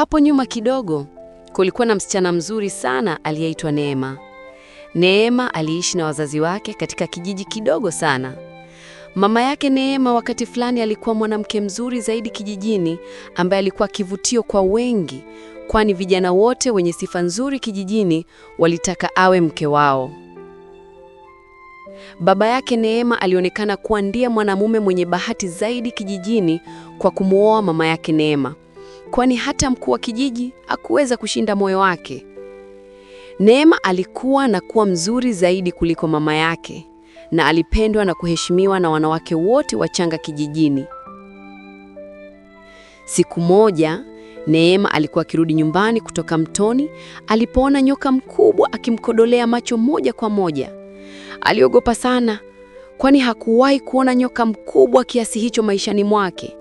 Hapo nyuma kidogo kulikuwa na msichana mzuri sana aliyeitwa Neema. Neema aliishi na wazazi wake katika kijiji kidogo sana. Mama yake Neema wakati fulani alikuwa mwanamke mzuri zaidi kijijini ambaye alikuwa kivutio kwa wengi, kwani vijana wote wenye sifa nzuri kijijini walitaka awe mke wao. Baba yake Neema alionekana kuwa ndiye mwanamume mwenye bahati zaidi kijijini kwa kumwoa mama yake Neema kwani hata mkuu wa kijiji hakuweza kushinda moyo wake. Neema alikuwa na kuwa mzuri zaidi kuliko mama yake na alipendwa na kuheshimiwa na wanawake wote wachanga kijijini. Siku moja Neema alikuwa akirudi nyumbani kutoka mtoni alipoona nyoka mkubwa akimkodolea macho moja kwa moja. Aliogopa sana, kwani hakuwahi kuona nyoka mkubwa kiasi hicho maishani mwake.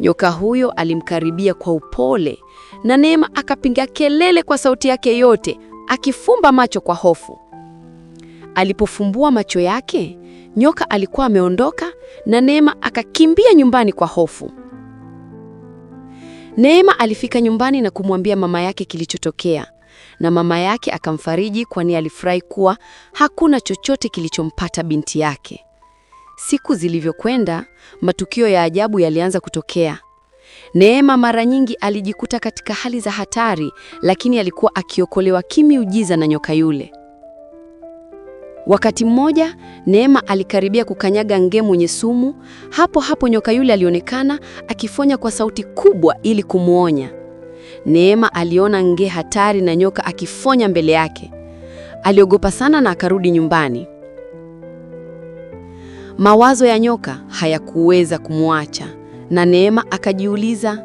Nyoka huyo alimkaribia kwa upole na Neema akapiga kelele kwa sauti yake yote, akifumba macho kwa hofu. Alipofumbua macho yake, nyoka alikuwa ameondoka na Neema akakimbia nyumbani kwa hofu. Neema alifika nyumbani na kumwambia mama yake kilichotokea, na mama yake akamfariji, kwani alifurahi kuwa hakuna chochote kilichompata binti yake. Siku zilivyokwenda, matukio ya ajabu yalianza kutokea. Neema mara nyingi alijikuta katika hali za hatari, lakini alikuwa akiokolewa kimiujiza na nyoka yule. Wakati mmoja, Neema alikaribia kukanyaga nge mwenye sumu. Hapo hapo nyoka yule alionekana akifonya kwa sauti kubwa ili kumwonya. Neema aliona nge hatari na nyoka akifonya mbele yake. Aliogopa sana na akarudi nyumbani. Mawazo ya nyoka hayakuweza kumwacha, na Neema akajiuliza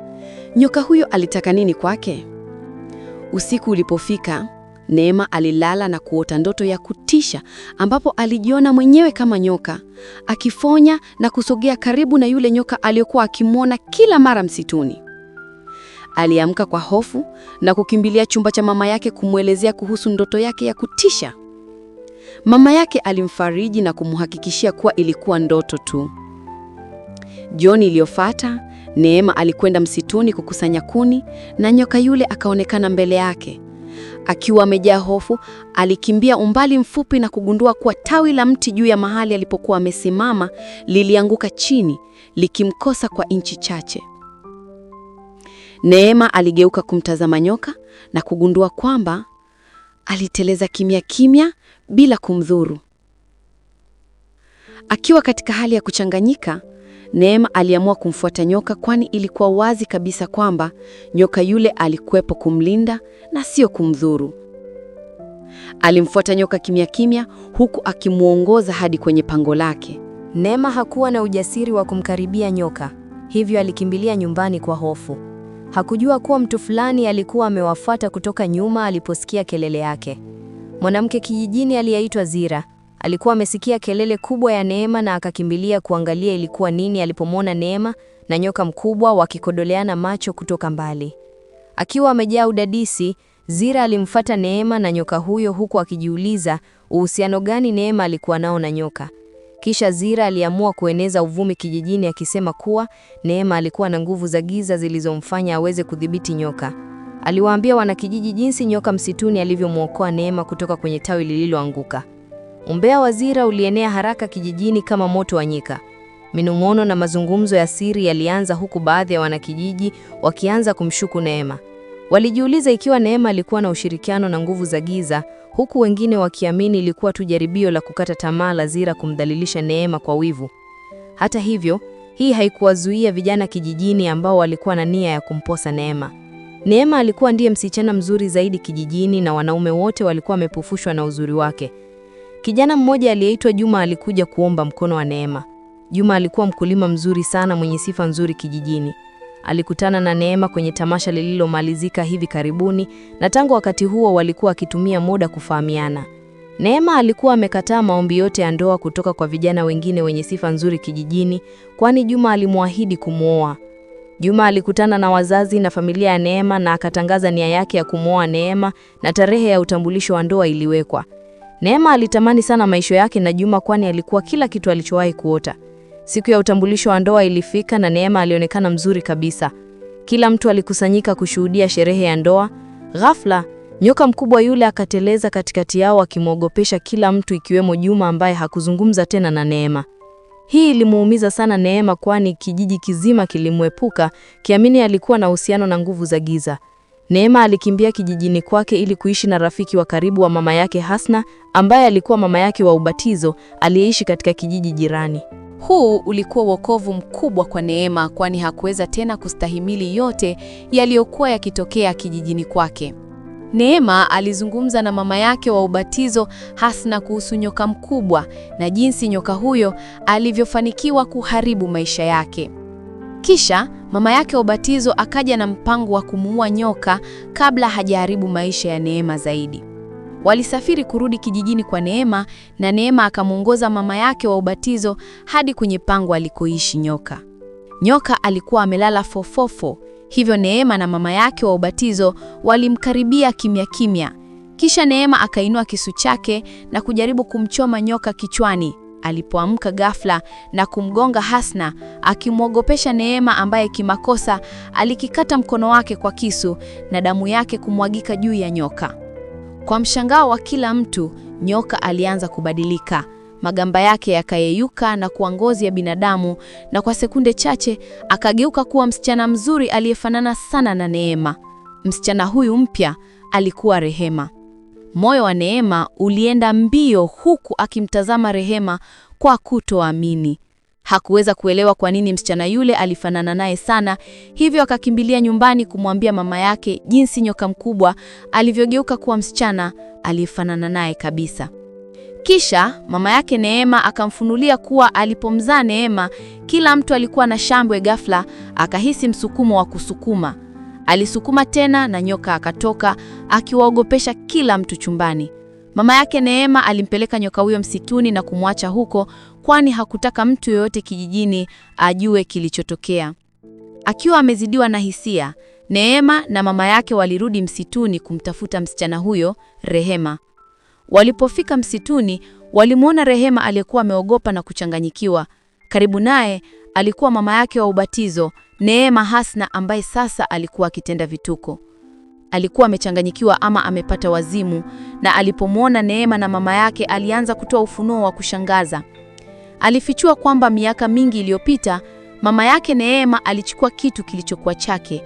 nyoka huyo alitaka nini kwake. Usiku ulipofika, Neema alilala na kuota ndoto ya kutisha ambapo alijiona mwenyewe kama nyoka akifonya na kusogea karibu na yule nyoka aliyokuwa akimwona kila mara msituni. Aliamka kwa hofu na kukimbilia chumba cha mama yake kumwelezea kuhusu ndoto yake ya kutisha. Mama yake alimfariji na kumhakikishia kuwa ilikuwa ndoto tu. Jioni iliyofuata, Neema alikwenda msituni kukusanya kuni na nyoka yule akaonekana mbele yake. Akiwa amejaa hofu, alikimbia umbali mfupi na kugundua kuwa tawi la mti juu ya mahali alipokuwa amesimama lilianguka chini likimkosa kwa inchi chache. Neema aligeuka kumtazama nyoka na kugundua kwamba aliteleza kimya kimya bila kumdhuru. Akiwa katika hali ya kuchanganyika, Neema aliamua kumfuata nyoka, kwani ilikuwa wazi kabisa kwamba nyoka yule alikuwepo kumlinda na sio kumdhuru. Alimfuata nyoka kimya kimya, huku akimwongoza hadi kwenye pango lake. Neema hakuwa na ujasiri wa kumkaribia nyoka, hivyo alikimbilia nyumbani kwa hofu. Hakujua kuwa mtu fulani alikuwa amewafuata kutoka nyuma aliposikia kelele yake. Mwanamke kijijini aliyeitwa Zira alikuwa amesikia kelele kubwa ya Neema na akakimbilia kuangalia ilikuwa nini alipomwona Neema na nyoka mkubwa wakikodoleana macho kutoka mbali. Akiwa amejaa udadisi, Zira alimfata Neema na nyoka huyo huku akijiuliza uhusiano gani Neema alikuwa nao na nyoka. Kisha Zira aliamua kueneza uvumi kijijini akisema kuwa Neema alikuwa na nguvu za giza zilizomfanya aweze kudhibiti nyoka. Aliwaambia wanakijiji jinsi nyoka msituni alivyomwokoa Neema kutoka kwenye tawi lililoanguka. Umbea wa Zira ulienea haraka kijijini kama moto wa nyika. Minung'ono na mazungumzo ya siri yalianza, huku baadhi ya wanakijiji wakianza kumshuku Neema. Walijiuliza ikiwa Neema alikuwa na ushirikiano na nguvu za giza, huku wengine wakiamini ilikuwa tu jaribio la kukata tamaa la Zira kumdhalilisha Neema kwa wivu. Hata hivyo, hii haikuwazuia vijana kijijini ambao walikuwa na nia ya kumposa Neema. Neema alikuwa ndiye msichana mzuri zaidi kijijini na wanaume wote walikuwa wamepufushwa na uzuri wake. Kijana mmoja aliyeitwa Juma alikuja kuomba mkono wa Neema. Juma alikuwa mkulima mzuri sana mwenye sifa nzuri kijijini. Alikutana na Neema kwenye tamasha lililomalizika hivi karibuni na tangu wakati huo walikuwa wakitumia muda kufahamiana. Neema alikuwa amekataa maombi yote ya ndoa kutoka kwa vijana wengine wenye sifa nzuri kijijini, kwani Juma alimwahidi kumwoa. Juma alikutana na wazazi na familia ya Neema na akatangaza nia yake ya kumwoa Neema na tarehe ya utambulisho wa ndoa iliwekwa. Neema alitamani sana maisha yake na Juma kwani alikuwa kila kitu alichowahi kuota. Siku ya utambulisho wa ndoa ilifika na Neema alionekana mzuri kabisa. Kila mtu alikusanyika kushuhudia sherehe ya ndoa. Ghafla, nyoka mkubwa yule akateleza katikati yao akimwogopesha kila mtu ikiwemo Juma ambaye hakuzungumza tena na Neema. Hii ilimuumiza sana Neema, kwani kijiji kizima kilimwepuka kiamini alikuwa na uhusiano na nguvu za giza. Neema alikimbia kijijini kwake ili kuishi na rafiki wa karibu wa mama yake Hasna, ambaye alikuwa mama yake wa ubatizo aliyeishi katika kijiji jirani. Huu ulikuwa wokovu mkubwa kwa Neema, kwani hakuweza tena kustahimili yote yaliyokuwa yakitokea kijijini kwake. Neema alizungumza na mama yake wa ubatizo Hasna kuhusu nyoka mkubwa na jinsi nyoka huyo alivyofanikiwa kuharibu maisha yake. Kisha mama yake wa ubatizo akaja na mpango wa kumuua nyoka kabla hajaharibu maisha ya Neema zaidi. Walisafiri kurudi kijijini kwa Neema na Neema akamwongoza mama yake wa ubatizo hadi kwenye pango alikoishi nyoka. Nyoka alikuwa amelala fofofo Hivyo Neema na mama yake wa ubatizo walimkaribia kimya kimya. Kisha Neema akainua kisu chake na kujaribu kumchoma nyoka kichwani alipoamka ghafla na kumgonga Hasna, akimwogopesha Neema ambaye kimakosa alikikata mkono wake kwa kisu na damu yake kumwagika juu ya nyoka. Kwa mshangao wa kila mtu, nyoka alianza kubadilika magamba yake yakayeyuka na kuwa ngozi ya binadamu, na kwa sekunde chache akageuka kuwa msichana mzuri aliyefanana sana na Neema. Msichana huyu mpya alikuwa Rehema. Moyo wa Neema ulienda mbio, huku akimtazama Rehema kwa kutoamini. Hakuweza kuelewa kwa nini msichana yule alifanana naye sana, hivyo akakimbilia nyumbani kumwambia mama yake jinsi nyoka mkubwa alivyogeuka kuwa msichana aliyefanana naye kabisa. Kisha mama yake Neema akamfunulia kuwa alipomzaa Neema, kila mtu alikuwa na shambwe. Ghafla akahisi msukumo wa kusukuma, alisukuma tena na nyoka akatoka, akiwaogopesha kila mtu chumbani. Mama yake Neema alimpeleka nyoka huyo msituni na kumwacha huko, kwani hakutaka mtu yoyote kijijini ajue kilichotokea. Akiwa amezidiwa na hisia, Neema na mama yake walirudi msituni kumtafuta msichana huyo Rehema. Walipofika msituni, walimwona Rehema aliyekuwa ameogopa na kuchanganyikiwa. Karibu naye alikuwa mama yake wa ubatizo, Neema Hasna, ambaye sasa alikuwa akitenda vituko. Alikuwa amechanganyikiwa ama amepata wazimu, na alipomwona Neema na mama yake alianza kutoa ufunuo wa kushangaza. Alifichua kwamba miaka mingi iliyopita mama yake Neema alichukua kitu kilichokuwa chake.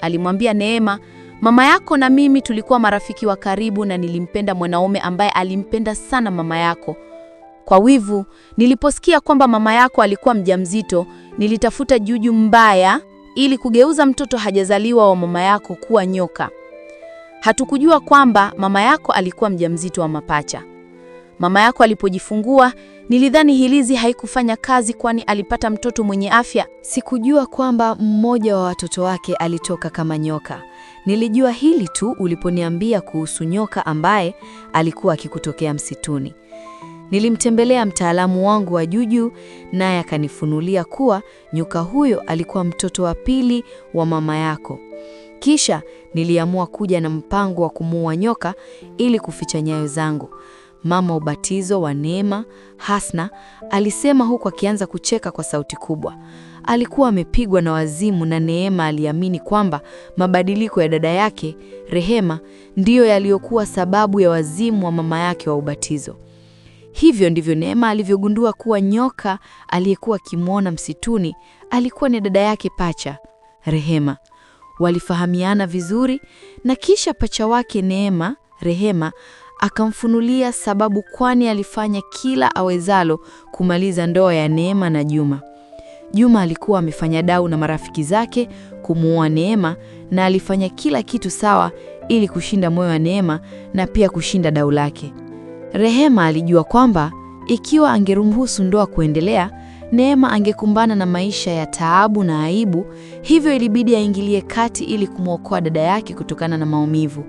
Alimwambia Neema Mama yako na mimi tulikuwa marafiki wa karibu na nilimpenda mwanaume ambaye alimpenda sana mama yako. Kwa wivu, niliposikia kwamba mama yako alikuwa mjamzito, nilitafuta juju mbaya ili kugeuza mtoto hajazaliwa wa mama yako kuwa nyoka. Hatukujua kwamba mama yako alikuwa mjamzito wa mapacha. Mama yako alipojifungua nilidhani hilizi haikufanya kazi, kwani alipata mtoto mwenye afya. Sikujua kwamba mmoja wa watoto wake alitoka kama nyoka. Nilijua hili tu uliponiambia kuhusu nyoka ambaye alikuwa akikutokea msituni. Nilimtembelea mtaalamu wangu wa juju, naye akanifunulia kuwa nyoka huyo alikuwa mtoto wa pili wa mama yako. Kisha niliamua kuja na mpango wa kumuua nyoka ili kuficha nyayo zangu mama wa ubatizo wa Neema, Hasna, alisema huku akianza kucheka kwa sauti kubwa. Alikuwa amepigwa na wazimu na Neema aliamini kwamba mabadiliko ya dada yake Rehema ndiyo yaliyokuwa sababu ya wazimu wa mama yake wa ubatizo. Hivyo ndivyo Neema alivyogundua kuwa nyoka aliyekuwa akimwona msituni alikuwa ni dada yake pacha Rehema. Walifahamiana vizuri na kisha pacha wake Neema Rehema akamfunulia sababu, kwani alifanya kila awezalo kumaliza ndoa ya Neema na Juma. Juma alikuwa amefanya dau na marafiki zake kumuoa Neema na alifanya kila kitu sawa ili kushinda moyo wa Neema na pia kushinda dau lake. Rehema alijua kwamba ikiwa angeruhusu ndoa kuendelea, Neema angekumbana na maisha ya taabu na aibu, hivyo ilibidi aingilie kati ili kumwokoa dada yake kutokana na maumivu.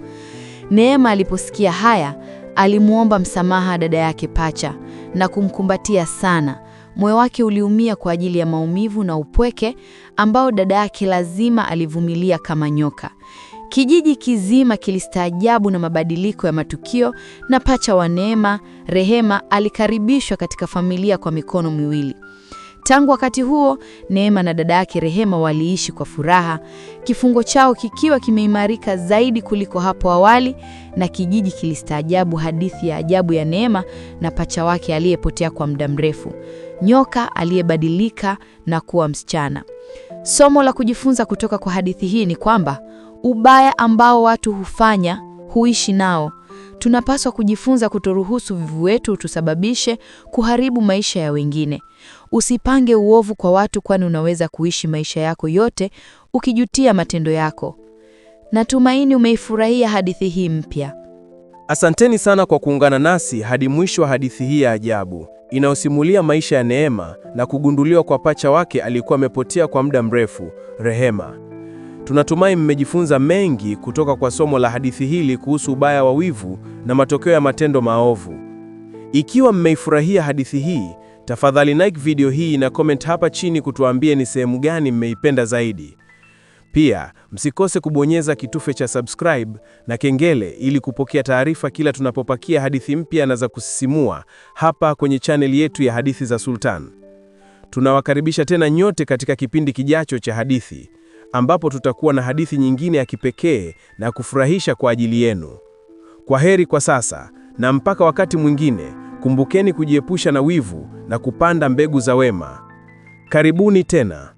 Neema aliposikia haya, alimwomba msamaha dada yake Pacha na kumkumbatia sana. Moyo wake uliumia kwa ajili ya maumivu na upweke ambao dada yake lazima alivumilia kama nyoka. Kijiji kizima kilistaajabu na mabadiliko ya matukio, na pacha wa Neema, Rehema, alikaribishwa katika familia kwa mikono miwili. Tangu wakati huo, Neema na dada yake Rehema waliishi kwa furaha, kifungo chao kikiwa kimeimarika zaidi kuliko hapo awali, na kijiji kilistaajabu hadithi ya ajabu ya Neema na pacha wake aliyepotea kwa muda mrefu, nyoka aliyebadilika na kuwa msichana. Somo la kujifunza kutoka kwa hadithi hii ni kwamba ubaya ambao watu hufanya huishi nao tunapaswa kujifunza kutoruhusu wivu wetu utusababishe kuharibu maisha ya wengine. Usipange uovu kwa watu, kwani unaweza kuishi maisha yako yote ukijutia matendo yako. Natumaini umeifurahia hadithi hii mpya. Asanteni sana kwa kuungana nasi hadi mwisho wa hadithi hii ya ajabu inayosimulia maisha ya Neema na kugunduliwa kwa pacha wake aliyekuwa amepotea kwa muda mrefu, Rehema. Tunatumai mmejifunza mengi kutoka kwa somo la hadithi hili kuhusu ubaya wa wivu na matokeo ya matendo maovu. Ikiwa mmeifurahia hadithi hii, tafadhali like video hii na comment hapa chini kutuambie ni sehemu gani mmeipenda zaidi. Pia msikose kubonyeza kitufe cha subscribe na kengele ili kupokea taarifa kila tunapopakia hadithi mpya na za kusisimua hapa kwenye chaneli yetu ya Hadithi za Sultan. Tunawakaribisha tena nyote katika kipindi kijacho cha hadithi ambapo tutakuwa na hadithi nyingine ya kipekee na kufurahisha kwa ajili yenu. Kwa heri kwa sasa na mpaka wakati mwingine, kumbukeni kujiepusha na wivu na kupanda mbegu za wema. Karibuni tena.